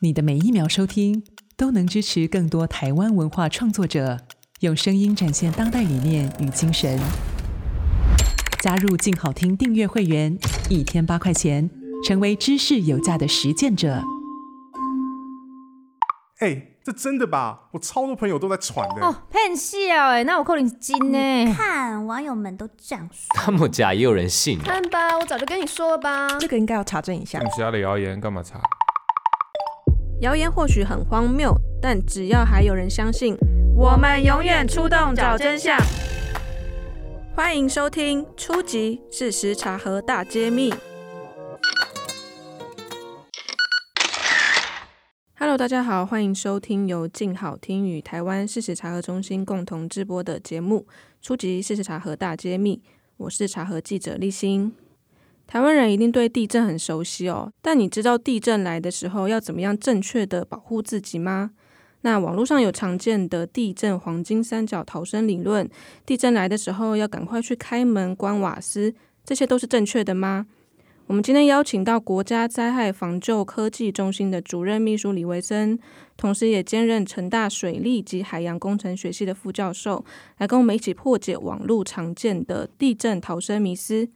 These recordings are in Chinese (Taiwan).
你的每一秒收聽都能支持更多台灣文化創作者，用聲音展現當代理念與精神。加入“鏡好聽”訂閱會員，一天八塊錢，成為知識有價的實踐者。哎，這真的吧？我超多朋友都在傳的。哦，騙笑哎，那我扣誒你金呢？看網友們都這樣說。這麼假也有人信。看吧，我早就跟你說了吧。這個應該要查證一下。你家的謠言幹嘛查？謠言或許很荒謬，但只要還有人相信，我們永遠出動找真相。歡迎收聽《出擊！事實查核大揭密》。Hello，大家好，歡迎收聽由鏡好聽與台灣事實查核中心共同制播的節目《出擊！事實查核大揭密》，我是查核記者立新。台灣人一定對地震很熟悉哦，但你知道地震來的時候要怎麼樣正確的保護自己嗎？那網絡上有常見的地震黃金三角逃生理論，地震來的時候要趕快去開門關瓦斯，這些都是正確的嗎？我們今天邀請到國家災害防救科技中心的主任秘書李維森，同時也兼任成大水利及海洋工程學系的副教授，來跟我們一起破解網絡常見的地震逃生迷思。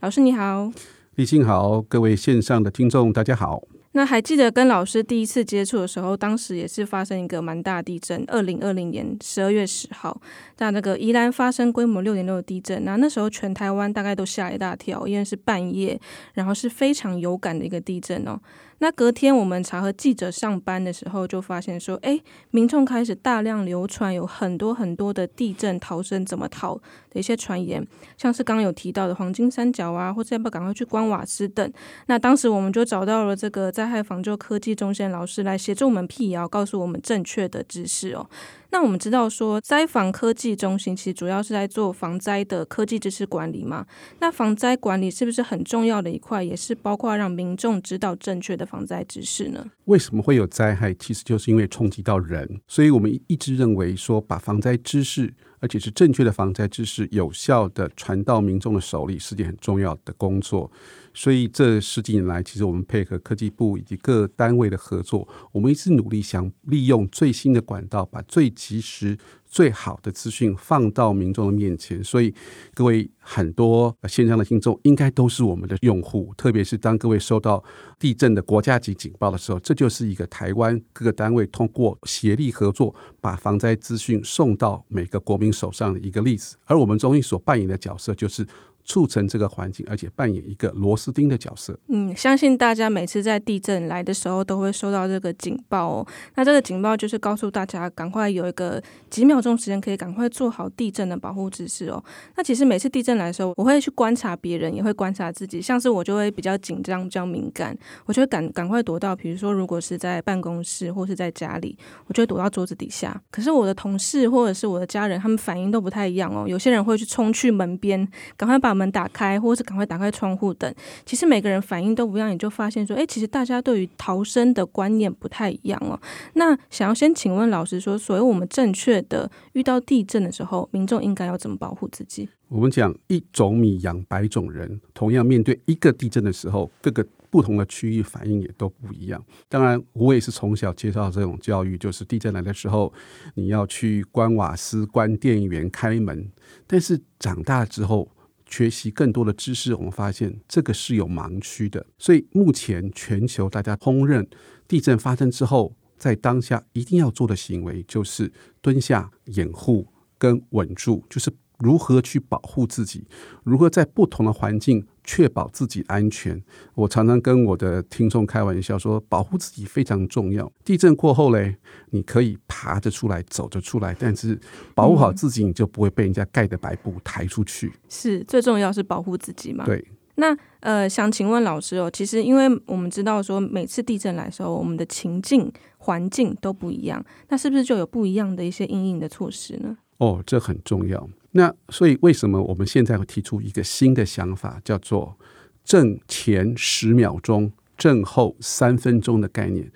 老師你好，李信好，各位線上的聽眾大家好。那還記得跟老師第一次接觸的時候，當時也是發生一個蠻大地震，二零二零年十二月十號，在那個宜蘭發生規模六點六的地震，那個、6. 6震，然後，那時候全台灣大概都嚇一大跳，因為是半夜，然後是非常有感的一個地震哦、喔。那隔天，我們查和記者上班的時候，就發現說，哎，民眾開始大量流傳有很多很多的地震逃生怎麼逃的一些傳言，像是剛剛有提到的黃金三角啊，或者要不要趕快去關瓦斯等。那當時我們就找到了這個災害防救科技中心老師來協助我們闢謠，告訴我們正確的知識哦。那我們知道說災防科技中心其實主要是在做防災的科技知識管理嘛？那防災管理是不是很重要的一塊，也是包括讓民眾知道正確的防災知識呢？為什麼會有災害？其實就是因為衝擊到人，所以我們一直認為說，把防災知識，而且是正確的防災知識，有效地傳到民眾的手裡，是件很重要的工作。所以這十幾年來，其實我們配合科技部以及各單位的合作，我們一直努力想利用最新的管道，把最及時、最好的資訊放到民眾的面前。所以各位很多線上的聽眾，應該都是我們的用戶。特別是當各位收到地震的國家級警報的時候，這就是一個台灣各個單位通過協力合作，把防災資訊送到每個國民手上的一個例子。而我們中心所扮演的角色，就是。促成這個環境，而且扮演一個螺絲釘的角色。嗯，相信大家每次在地震來的時候都會收到這個警報哦。那這個警報就是告訴大家趕快有一個幾秒鐘時間可以趕快做好地震的保護姿勢哦。那其實每次地震來的時候，我會去觀察別人，也會觀察自己。像是我就會比較緊張、比較敏感，我就會趕趕快躲到，比如說如果是在辦公室或是在家裡，我就會躲到桌子底下。可是我的同事或者是我的家人，他們反應都不太一樣哦。有些人會去衝去門邊，趕快把，門打開，或者是趕快打開窗戶等。其實每個人反應都不一樣，你就發現說，哎，其實大家對於逃生的觀念不太一樣哦。那想要先請問老師說，所謂我們正確的遇到地震的時候，民眾應該要怎麼保護自己？我們講一種米養百種人，同樣面對一個地震的時候，各個不同的區域反應也都不一樣。當然，我也是從小接受這種教育，就是地震來的時候，你要去關瓦斯、關電源、開門。但是長大之後，學習更多的知識，我們發現這個是有盲區的。所以目前全球大家公認，地震發生之後，在當下一定要做的行為就是蹲下、掩護跟穩住，就是如何去保護自己，如何在不同的環境。確保自己安全，我常常跟我的聽眾開玩笑說，保護自己非常重要。地震過後嘞，你可以爬着出來，走着出來，但是保護好自己，嗯、你就不會被人家蓋的白布抬出去。是，最重要是保護自己嘛。對，那呃，想請問老師哦，其實因為我們知道說每次地震來的時候，我們的情境環境都不一樣，那是不是就有不一樣的一些因應的措施呢？哦，這很重要。那所以，為什麼我們現在會提出一個新的想法，叫做“震前十秒鐘，震後三分鐘”的概念？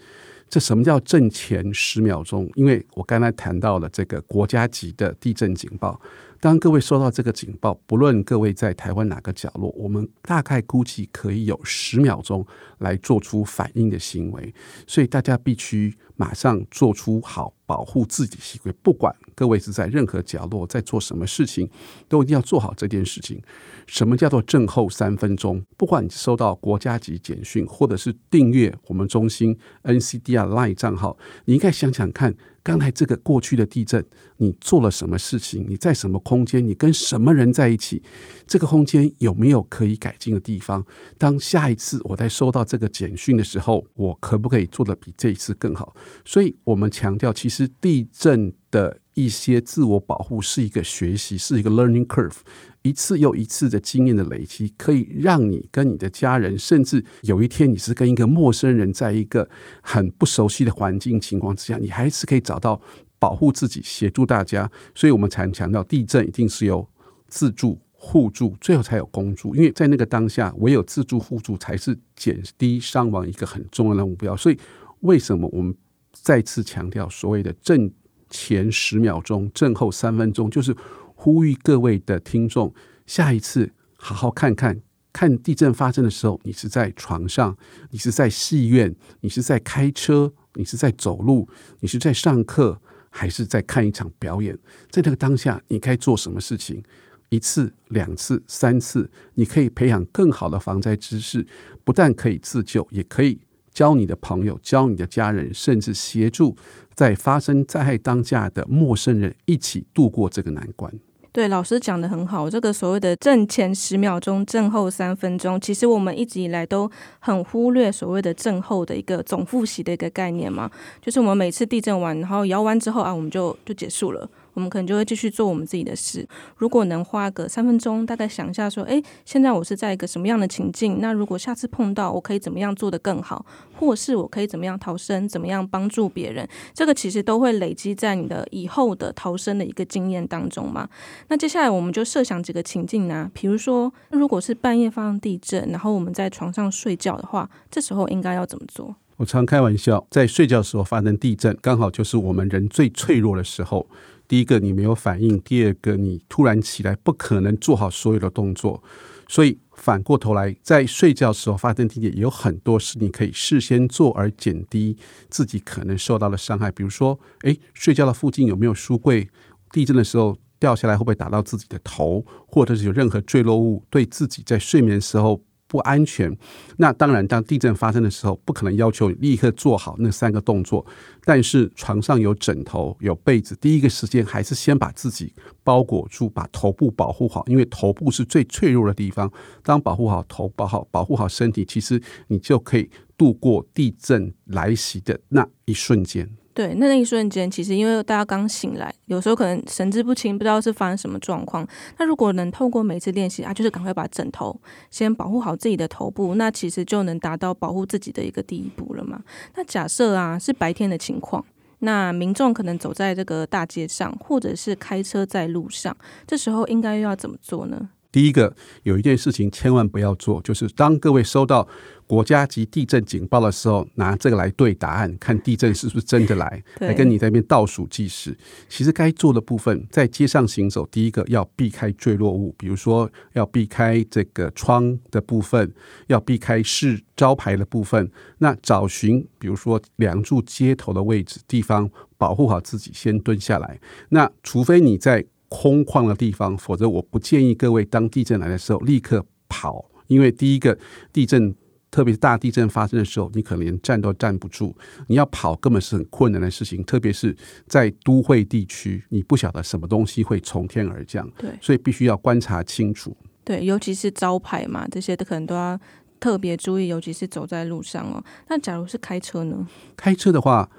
這什麼叫震前十秒鐘？因為我剛才談到了這個國家級的地震警報。當各位收到這個警報，不論各位在台灣哪個角落，我們大概估計可以有十秒鐘來做出反應的行為，所以大家必須馬上做出好保護自己的行為。不管各位是在任何角落，在做什麼事情，都一定要做好這件事情。什麼叫做震後三分鐘？不管你收到國家級簡訊，或者是訂閱我們中心 NCDR Line 賬號，你應該想想看。剛才這個過去的地震，你做了什麼事情？你在什麼空間？你跟什麼人在一起？這個空間有沒有可以改進的地方？當下一次我在收到這個簡訊的時候，我可不可以做得比這一次更好？所以我們強調，其實地震的一些自我保護是一個學習，是一個 learning curve，一次又一次的經驗的累積，可以讓你跟你的家人，甚至有一天你是跟一個陌生人在一個很不熟悉的環境情況之下，你還是可以找到保護自己、協助大家。所以，我們才強調，地震一定是有自助、互助，最後才有公助。因為在那個當下，唯有自助、互助才是減低傷亡一個很重要的目標。所以，為什麼我們再次強調所謂的正前十秒鐘，震後三分鐘，就是呼籲各位的聽眾，下一次好好看看，看地震發生的時候，你是在床上，你是在戲院，你是在開車，你是在走路，你是在上課，還是在看一場表演？在這個當下，你該做什麼事情？一次、兩次、三次，你可以培養更好的防災知識，不但可以自救，也可以教你的朋友、教你的家人，甚至協助。在發生災害當下的陌生人一起度過這個難關。對，老師講得很好。這個所謂的震前十秒鐘、震後三分鐘，其實我們一直以來都很忽略所謂的震後的一個總複習的一個概念嘛，就是我們每次地震完，然後搖完之後啊，我們就就結束了。我們可能就會繼續做我們自己的事。如果能花個三分鐘，大概想一下說，哎，現在我是在一個什麼樣的情境？那如果下次碰到，我可以怎麼樣做得更好，或是我可以怎麼樣逃生，怎麼樣幫助別人？這個其實都會累積在你的以後的逃生的一個經驗當中嘛。那接下來我們就設想幾個情境啊，比如說，如果是半夜發生地震，然後我們在床上睡覺的話，這時候應該要怎麼做？我常開玩笑，在睡覺的時候發生地震，剛好就是我們人最脆弱的時候。第一個你沒有反應，第二個你突然起來不可能做好所有的動作，所以反過頭來，在睡覺的時候發生地震也有很多事，你可以事先做而減低自己可能受到的傷害，比如說，誒、欸，睡覺的附近有沒有書櫃，地震的時候掉下來會不會打到自己的頭，或者是有任何墜落物對自己在睡眠的時候。不安全。那當然，當地震發生的時候，不可能要求你立刻做好那三個動作。但是床上有枕頭、有被子，第一個時間還是先把自己包裹住，把頭部保護好，因為頭部是最脆弱的地方。當保護好頭、保好、保護好身體，其實你就可以度過地震來襲的那一瞬間。對，那那一瞬間，其實因為大家剛醒來，有時候可能神志不清，不知道是發生什麼狀況。那如果能透過每次練習啊，就是趕快把枕頭先保護好自己的頭部，那其實就能達到保護自己的一個第一步了嘛。那假設啊是白天的情況，那民眾可能走在這個大街上，或者是開車在路上，這時候應該又要怎麼做呢？第一個有一件事情千萬不要做，就是當各位收到國家級地震警報的時候，拿這個來對答案，看地震是不是真的來， 對來跟你在那邊倒數計時。其實該做的部分，在街上行走，第一個要避開墜落物，比如說要避開這個窗的部分，要避開市招牌的部分。那找尋，比如說梁柱接頭的位置地方，保護好自己，先蹲下來。那除非你在。空曠的地方，否則我不建議各位當地震來的時候立刻跑，因為第一個地震，特別是大地震發生的時候，你可能連站都站不住，你要跑根本是很困難的事情，特別是在都會地區，你不曉得什麼東西會從天而降，對，所以必須要觀察清楚。對，尤其是招牌嘛，這些都可能都要特別注意，尤其是走在路上哦。但假如是開車呢？開車的話，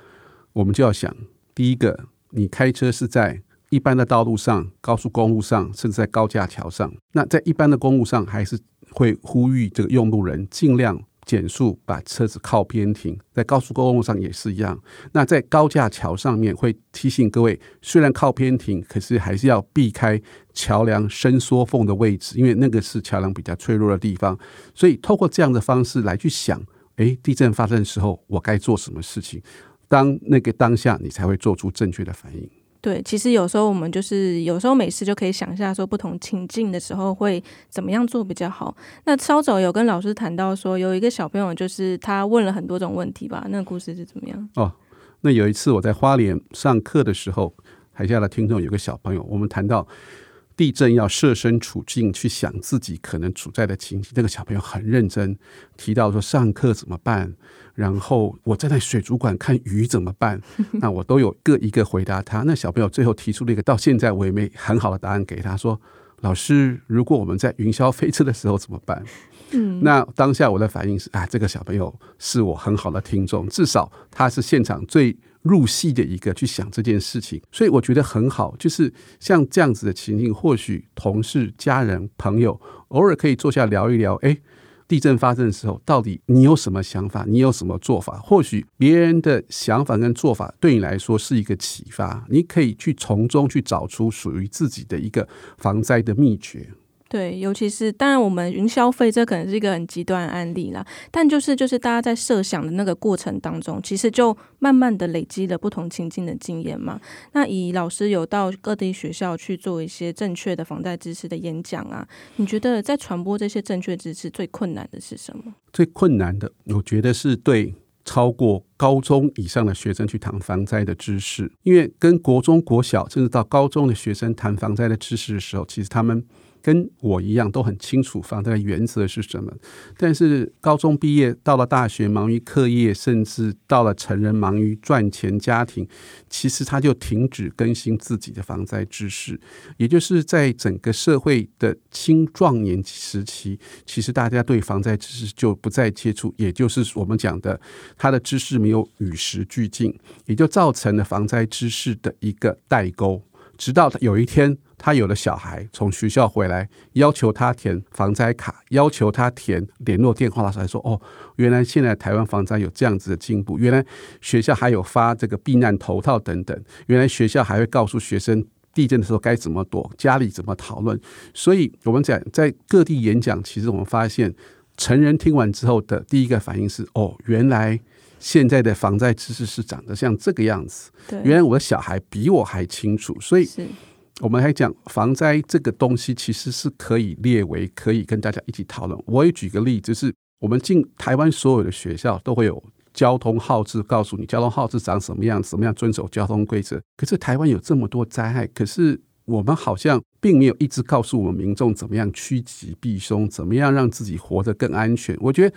我們就要想，第一個，你開車是在。一般的道路上、高速公路上，甚至在高架橋上，那在一般的公路上還是會呼籲這個用路人盡量減速，把車子靠邊停。在高速公路上也是一樣。那在高架橋上面會提醒各位，雖然靠邊停，可是還是要避開橋樑伸縮縫的位置，因為那個是橋樑比較脆弱的地方。所以，透過這樣的方式來去想，哎，地震發生的時候我該做什麼事情？當那個當下，你才會做出正確的反應。對，其實有時候我們就是有時候每次就可以想一下，說不同情境的時候會怎麼樣做比較好。那稍早有跟老師談到說，有一個小朋友就是他問了很多種問題吧，那個故事是怎麼樣？哦，那有一次我在花蓮上課的時候，台下的聽眾有個小朋友，我們談到。地震要設身處境去想自己可能處在的情景。那個小朋友很認真，提到說上課怎麼辦？然後我在那水族館看魚怎麼辦？那我都有一個一個回答他。那小朋友最後提出了一個，到現在我也沒很好的答案給他說：老師，如果我們在雲霄飛車的時候怎麼辦？那當下我的反應是啊，這個小朋友是我很好的聽眾，至少他是現場最。入戲的一個去想這件事情，所以我覺得很好，就是像這樣子的情境，或許同事、家人、朋友偶爾可以坐下聊一聊。哎、欸，地震發生的時候，到底你有什麼想法？你有什麼做法？或許別人的想法跟做法對你來說是一個啟發，你可以去從中去找出屬於自己的一個防災的秘訣。對，尤其是當然，我們雲消費這可能是一個很極端的案例啦。但就是，就是大家在設想的那個過程當中，其實就慢慢的累積了不同情境的經驗嘛。那李老師有到各地學校去做一些正確的防災知識的演講啊，你覺得在傳播這些正確知識最困難的是什麼？最困難的，我覺得是對超過高中以上的學生去談防災的知識，因為跟國中國小甚至到高中的學生談防災的知識的時候，其實他們。跟我一樣都很清楚防災的原則是什麼，但是高中畢業到了大學，忙於課業，甚至到了成人，忙於賺錢、家庭，其實他就停止更新自己的防災知識。也就是在整個社會的青壯年時期，其實大家對防災知識就不再接觸，也就是我們講的，他的知識沒有與時俱進，也就造成了防災知識的一個代溝。直到有一天。他有了小孩，從學校回來，要求他填防災卡，要求他填聯絡電話的時候還說：“哦，原來現在台灣防災有這樣子的進步。原來學校還有發這個避難頭套等等。原來學校還會告訴學生地震的時候該怎麼躲，家裡怎麼討論。所以，我們講在各地演講，其實我們發現，成人聽完之後的第一個反應是：哦，原來現在的防災知識是長得像這個樣子。對原來我的小孩比我還清楚，所以。”我們還講防災這個東西，其實是可以列為可以跟大家一起討論。我也舉個例子，就是我們進台灣所有的學校都會有交通號誌，告訴你交通號誌長什麼樣，怎麼樣遵守交通規則。可是台灣有這麼多災害，可是我們好像並沒有一直告訴我們民眾怎麼樣趨吉避凶，怎麼樣讓自己活得更安全。我覺得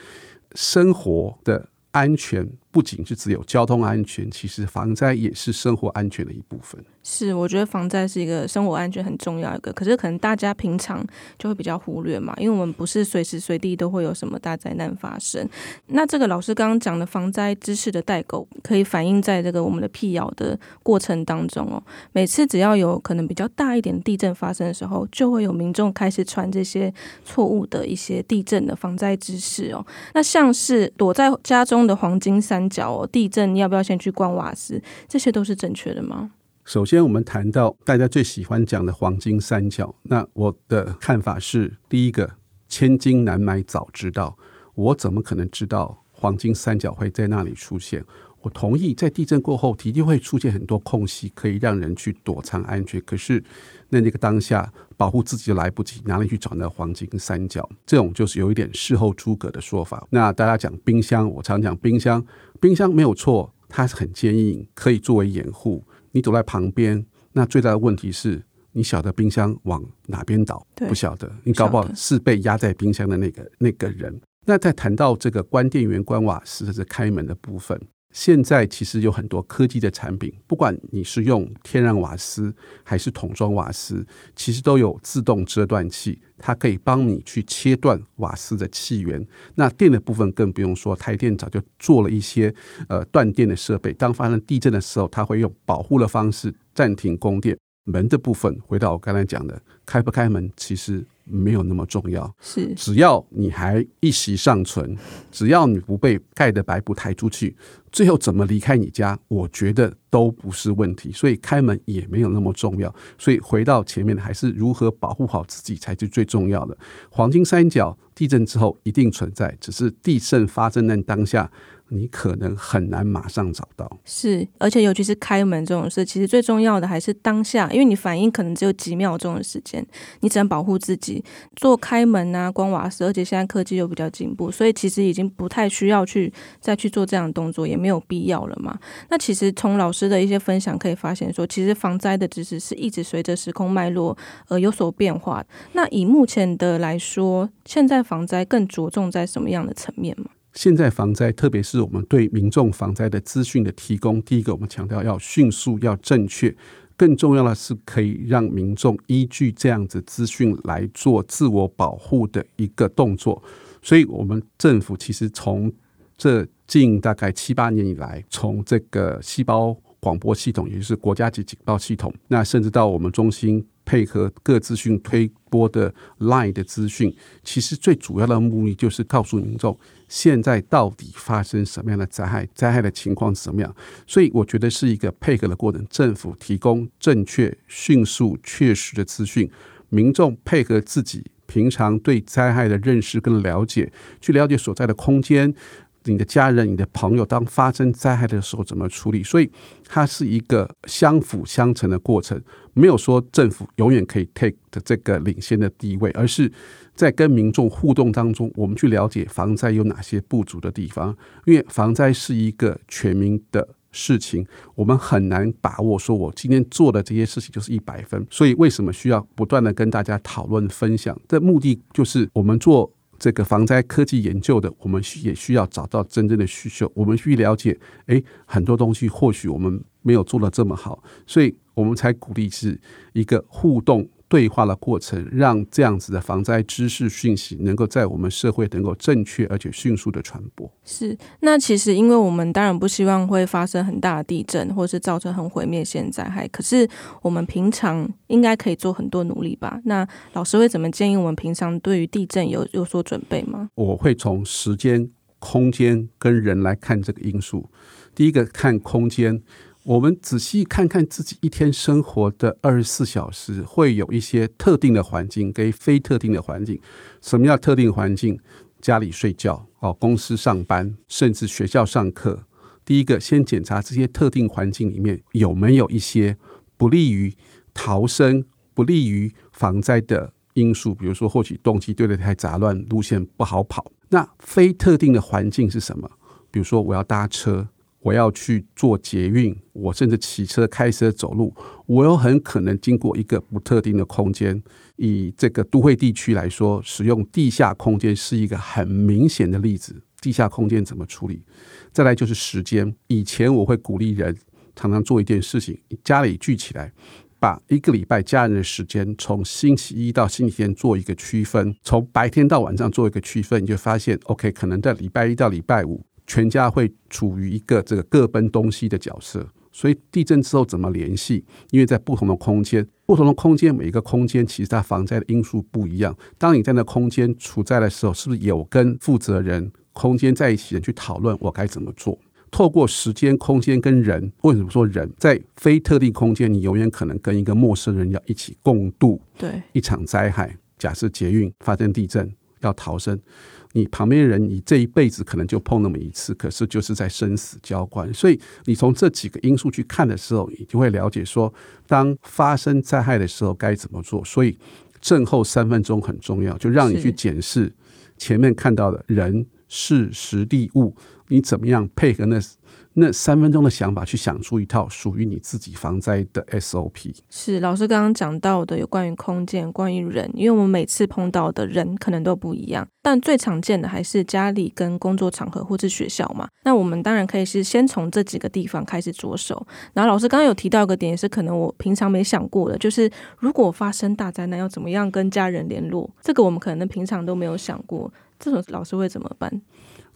生活的安全，不僅是只有交通安全，其實防災也是生活安全的一部分。是，我覺得防災是一個生活安全很重要一個，可是可能大家平常就會比較忽略嘛，因為我們不是隨時隨地都會有什麼大災難發生。那這個老師剛剛講的防災知識的代溝，可以反映在這個我們的闢謠的過程當中哦。每次只要有可能比較大一點的地震發生的時候，就會有民眾開始傳這些錯誤的一些地震的防災知識哦。那像是躲在家中的黃金三。角地震要不要先去關瓦斯？這些都是正確的嗎？首先，我們談到大家最喜歡講的黃金三角。那我的看法是，第一個，千金難買早知道。我怎麼可能知道黃金三角會在那裡出現？我同意，在地震過後，體力會出現很多空隙，可以讓人去躲藏安全。可是，那那個當下保護自己就來不及，哪裡去找那個黃金三角？這種就是有一點事後諸葛的說法。那大家講冰箱，我常講冰箱，冰箱沒有錯，它是很堅硬，可以作為掩護。你躲在旁邊，那最大的問題是，你曉得冰箱往哪邊倒？不曉得，你搞不好是被壓在冰箱的那個那個人。那在談到這個關電源、關瓦斯，是開門的部分。現在其實有很多科技的產品，不管你是用天然瓦斯還是桶裝瓦斯，其實都有自動遮斷器，它可以幫你去切斷瓦斯的氣源。那電的部分更不用說，台電早就做了一些呃斷電的設備。當發生地震的時候，它會用保護的方式暫停供電。門的部分，回到我剛才講的，開不開門，其實。沒有那麼重要，是只要你還一息尚存，只要你不被蓋的白布抬出去，最後怎麼離開你家，我覺得都不是問題，所以開門也沒有那麼重要。所以回到前面，還是如何保護好自己才是最重要的。黃金三角地震之後一定存在，只是地震發生的當下，你可能很難馬上找到，是，而且尤其是開門這種事，其實最重要的還是當下，因為你反應可能只有幾秒鐘的時間，你只能保護自己做開門啊、關瓦斯，而且現在科技又比較進步，所以其實已經不太需要去再去做這樣的動作，也沒有必要了嘛。那其實從老師的一些分享可以發現說，說其實防災的知識是一直隨着時空脈絡而有所變化。那以目前的來說，現在防災更着重在什麼樣的層面嗎？現在防災，特別是我們對民眾防災的資訊的提供，第一個我們強調要迅速、要正確，更重要的是可以讓民眾依據這樣子資訊來做自我保護的一個動作。所以，我們政府其實從這近大概七八年以來，從這個細胞廣播系統，也就是國家級警報系統，那甚至到我們中心。配合各資訊推播的 Line 的資訊，其實最主要的目的就是告訴民眾現在到底發生什麼樣的災害，災害的情況是什麼樣。所以我覺得是一個配合的過程，政府提供正確、迅速、確實的資訊，民眾配合自己平常對災害的認識跟了解，去了解所在的空間，你的家人，你的朋友，當發生災害的時候怎麼處理？所以它是一個相輔相成的過程，沒有說政府永遠可以 take 的這個領先的地位，而是在跟民眾互動當中，我們去了解防災有哪些不足的地方。因為防災是一個全民的事情，我們很難把握說，我今天做的這些事情就是一百分。所以為什麼需要不斷的跟大家討論分享？這目的就是我們做。這個防災科技研究的，我們也需要找到真正的需求。我們去了解，誒，很多東西或許，我們沒有做得這麼好，所以我們才鼓勵是一個互動。對話的過程，讓這樣子的防災知識訊息能夠在我們社會能夠正確而且迅速的傳播。是，那其實因為我們當然不希望會發生很大的地震，或是造成很毀滅性災害。可是我們平常應該可以做很多努力吧？那老師會怎麼建議我們平常對於地震有有所準備嗎？我會從時間、空間跟人來看這個因素。第一個看空間。我們仔細看看自己一天生活的二十四小時，會有一些特定的環境跟非特定的環境。什麼叫特定環境？家裡睡覺哦，公司上班，甚至學校上課。第一個，先檢查這些特定環境裡面有沒有一些不利於逃生、不利於防災的因素，比如說或許動機對得太雜亂，路線不好跑。那非特定的環境是什麼？比如說我要搭車。我要去做捷運，我甚至騎車、開車、走路，我有很可能經過一個不特定的空間。以這個都會地區來說，使用地下空間是一個很明顯的例子。地下空間怎麼處理？再來就是時間。以前我會鼓勵人常常做一件事情，家裡聚起來，把一個禮拜家人的時間從星期一到星期天做一個區分，從白天到晚上做一個區分，你就發現 OK，可能在禮拜一到禮拜五。全家會處於一個這個各奔東西的角色，所以地震之後怎麼聯繫？因為在不同的空間，不同的空間，每一個空間其實它防災的因素不一樣。當你在那空間處在的時候，是不是有跟負責人、空間在一起人去討論我該怎麼做？透過時間、空間跟人，為什麼說人在非特定空間，你永遠可能跟一個陌生人要一起共度對一場災害，假設捷運發生地震要逃生。你旁邊的人，你這一輩子可能就碰那麼一次，可是就是在生死交關，所以你從這幾個因素去看的時候，你就會了解說，當發生災害的時候該怎麼做。所以震後三分鐘很重要，就讓你去檢視前面看到的人、事、時、地、物，你怎麼樣配合那。那三分鐘的想法，去想出一套屬於你自己防災的 SOP。是老師剛剛講到的，有關於空間，關於人，因為我們每次碰到的人可能都不一樣，但最常見的還是家裡、跟工作場合或是學校嘛。那我們當然可以是先從這幾個地方開始着手。然後老師剛剛有提到一個點，也是可能我平常沒想過的，就是如果發生大災難，要怎麼樣跟家人聯絡？這個我們可能平常都沒有想過，這種老師會怎麼辦？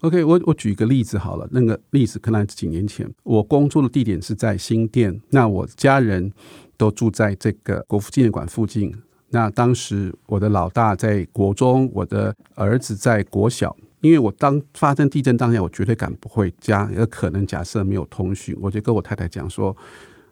OK，我我舉一個例子好了，那個例子可能幾年前，我工作的地點是在新店，那我家人都住在這個國父紀念館附近。那當時我的老大在國中，我的兒子在國小。因為我當發生地震當下，我絕對趕不回家，也可能假設沒有通訊，我就跟我太太講說：“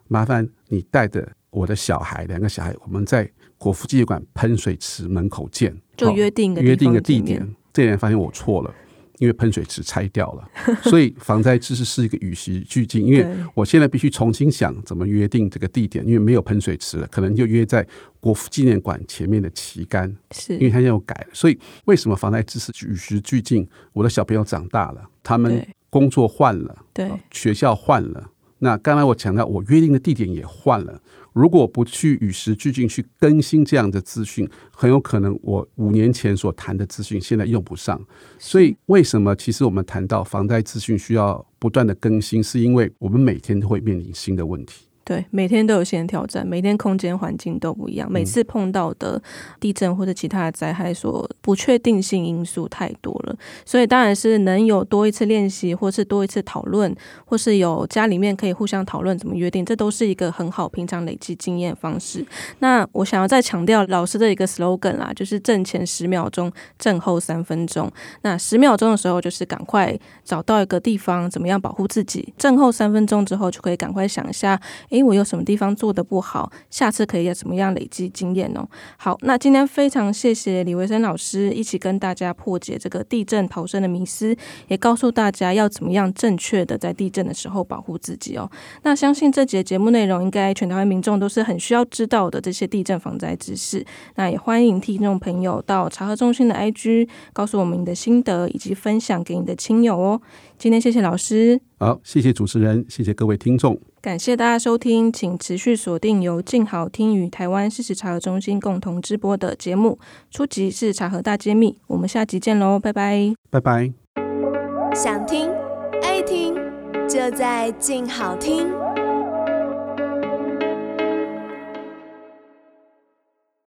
麻煩你帶着我的小孩，兩個小孩，我們在國父紀念館噴水池門口見。”就約定約定的地點，這人發現我錯了。因為噴水池拆掉了，所以防災知識是一個與時俱進。因為我現在必須重新想怎麼約定這個地點，因為沒有噴水池了，可能就約在國父紀念館前面的旗杆，是因為他要改了。所以為什麼防災知識與時俱進？我的小朋友長大了，他們工作換了，對對學校換了。那剛才我講到，我約定的地點也換了。如果不去與時俱進去更新這樣的資訊，很有可能我五年前所談的資訊現在用不上。所以，為什麼其實我們談到防災資訊需要不斷的更新，是因為我們每天都會面臨新的問題。對，每天都有新的挑戰，每天空間環境都不一樣，每次碰到的地震或者其他的災害，所不確定性因素太多了，所以當然是能有多一次練習，或是多一次討論，或是有家裡面可以互相討論怎麼約定，這都是一個很好平常累積經驗方式。嗯、那我想要再強調老師的一個 slogan 啦，啊，就是震前十秒鐘，震後三分鐘。那十秒鐘的時候就是趕快找到一個地方，怎麼樣保護自己；震後三分鐘之後就可以趕快想一下，我有什麼地方做得不好？下次可以有什麼樣累積經驗哦？好，那今天非常謝謝李維森老師一起跟大家破解這個地震逃生的迷思，也告訴大家要怎麼樣正確的在地震的時候保護自己哦。那相信這節節目內容應該全台灣民眾都是很需要知道的這些地震防災知識。那也歡迎聽眾朋友到查核中心的 IG 告訴我們你的心得，以及分享給你的親友哦。今天謝謝老師，好，謝謝主持人，謝謝各位聽眾，感謝大家收聽，請持續鎖定由靜好聽與台灣事實查核中心共同直播的節目。出擊事實查核大揭密，我們下集見嘍，拜拜，拜拜。想聽愛聽就在靜好聽。